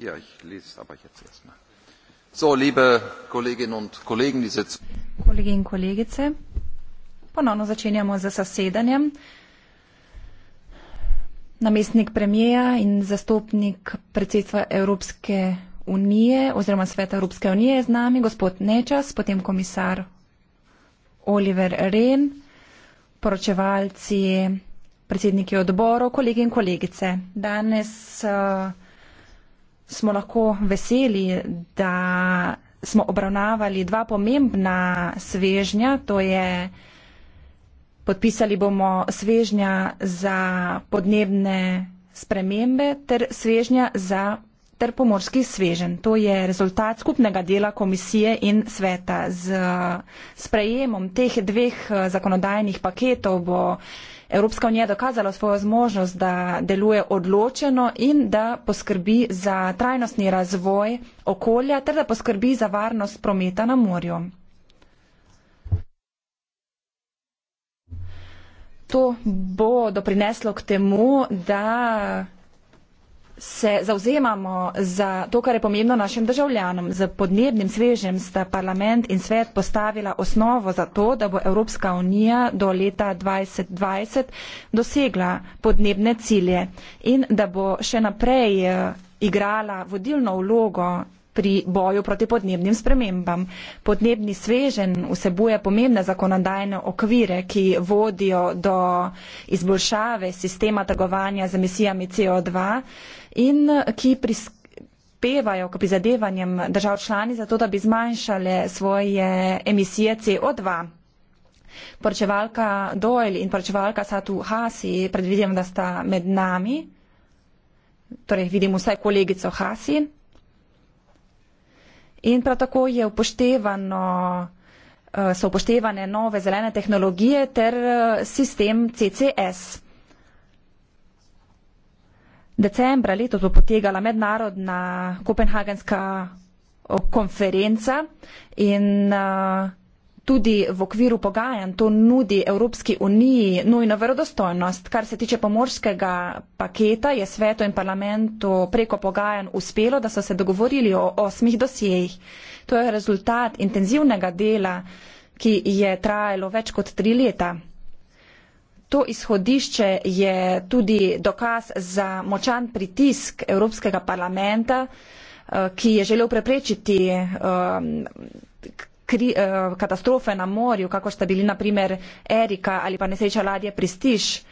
Ja, kolegi in kolegice ponovno začenjamo z zasedanjem namestnik premijeja in zastopnik predsedstva evropske unije oziroma sveta evropske unije je z nami gospod nečas potem komisar oliver rehn poročevalci predsedniki odborov kolegi in kolegice danes eh, smo lahko veseli, da smo obravnavali dva pomembna svežnja, to je podpisali bomo svežnja za podnebne spremembe ter svežnja za ter pomorski svežen. To je rezultat skupnega dela komisije in sveta. Z sprejemom teh dveh eh, zakonodajnih paketov bo Evropska unija dokazala svojo zmožnost, da deluje odločeno in da poskrbi za trajnostni razvoj okolja ter da poskrbi za varnost prometa na morju. To bo doprineslo k temu, da se zauzemamo za to, kar je pomembno našim državljanom. Z podnebnim svežem sta parlament in svet postavila osnovo za to, da bo Evropska unija do leta 2020 dosegla podnebne cilje in da bo še naprej eh, igrala vodilno vlogo pri boju proti podnebnim spremembam. Podnebni svežen vsebuje pomembne zakonodajne okvire, ki vodijo do izboljšave sistema trgovanja z emisijami CO2 in ki prispevajo k prizadevanjem držav člani za to, da bi zmanjšale svoje emisije CO2. Poročevalka Doyle in poročevalka Satu Hasi predvidim, da sta med nami, torej vidim vsaj kolegico Hasi. In prav tako je upoštevano eh, so upoštevane nove zelene tehnologije ter eh, sistem CCS. Decembra leto bo potegala mednarodna kopenhagenska konferenca in uh, tudi v okviru pogajanj to nudi Evropski uniji nujno verodostojnost. Kar se tiče pomorskega paketa, je svetu in parlamentu preko pogajanj uspelo, da so se dogovorili o osmih dosjejih. To je rezultat intenzivnega dela, ki je trajalo več kot tri leta. To izhodišče je tudi dokaz za močan pritisk Evropskega parlamenta, eh, ki je želel preprečiti eh, kri, uh, katastrofe na morju, kakor sta bili naprimer Erika ali pa nesreča ladje Pristiš.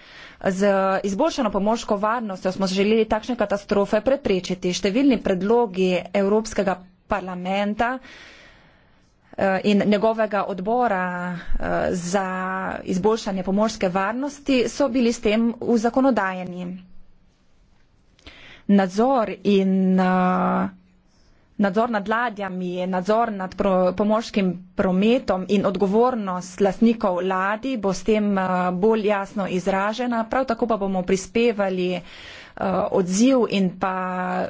Z izboljšano pomorsko varnostjo smo želeli takšne katastrofe preprečiti. Številni predlogi Evropskega parlamenta eh, in njegovega odbora eh, za izboljšanje pomorske varnosti so bili s tem uzakonodajeni. Nadzor in nadzor nad ladjami, nadzor nad pro, pomorskim prometom in odgovornost lasnikov ladij bo s tem eh, bolj jasno izražena. Prav tako pa bomo prispevali eh, odziv in pa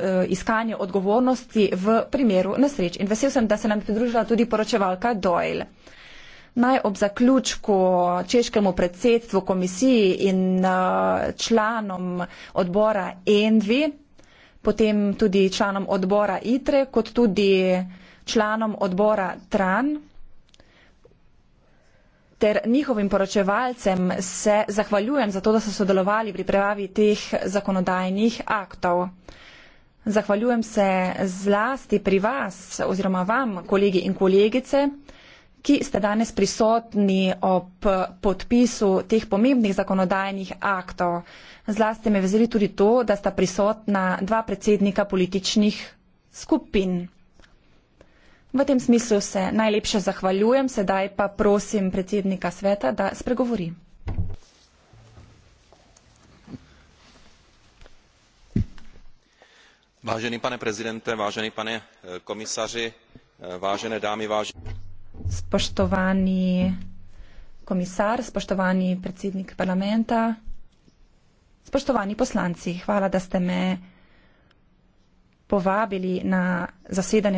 eh, iskanje odgovornosti v primeru nesreč. In vesel sem, da se nam pridružila tudi poročevalka Doyle. Naj ob zaključku češkemu predsedstvu komisiji in članom odbora ENVI potem tudi članom odbora ITRE, kot tudi članom odbora TRAN ter njihovim poročevalcem se zahvaljujem za to, da so sodelovali pri prepravi teh zakonodajnih aktov. Zahvaljujem se zlasti pri vas oziroma vam, kolegi in kolegice, ki ste danes prisotni ob podpisu teh pomembnih zakonodajnih aktov. Zlasti me veseli tudi to, da sta prisotna dva predsednika političnih skupin. V tem smislu se najlepše zahvaljujem, sedaj pa prosim predsednika sveta, da spregovori. Vážený pane prezidente, vážený pane eh, komisaři, eh, vážené dámy, vážení spoštovani komisar, spoštovani predsednik parlamenta, spoštovani poslanci, hvala, da ste me povabili na zasedanje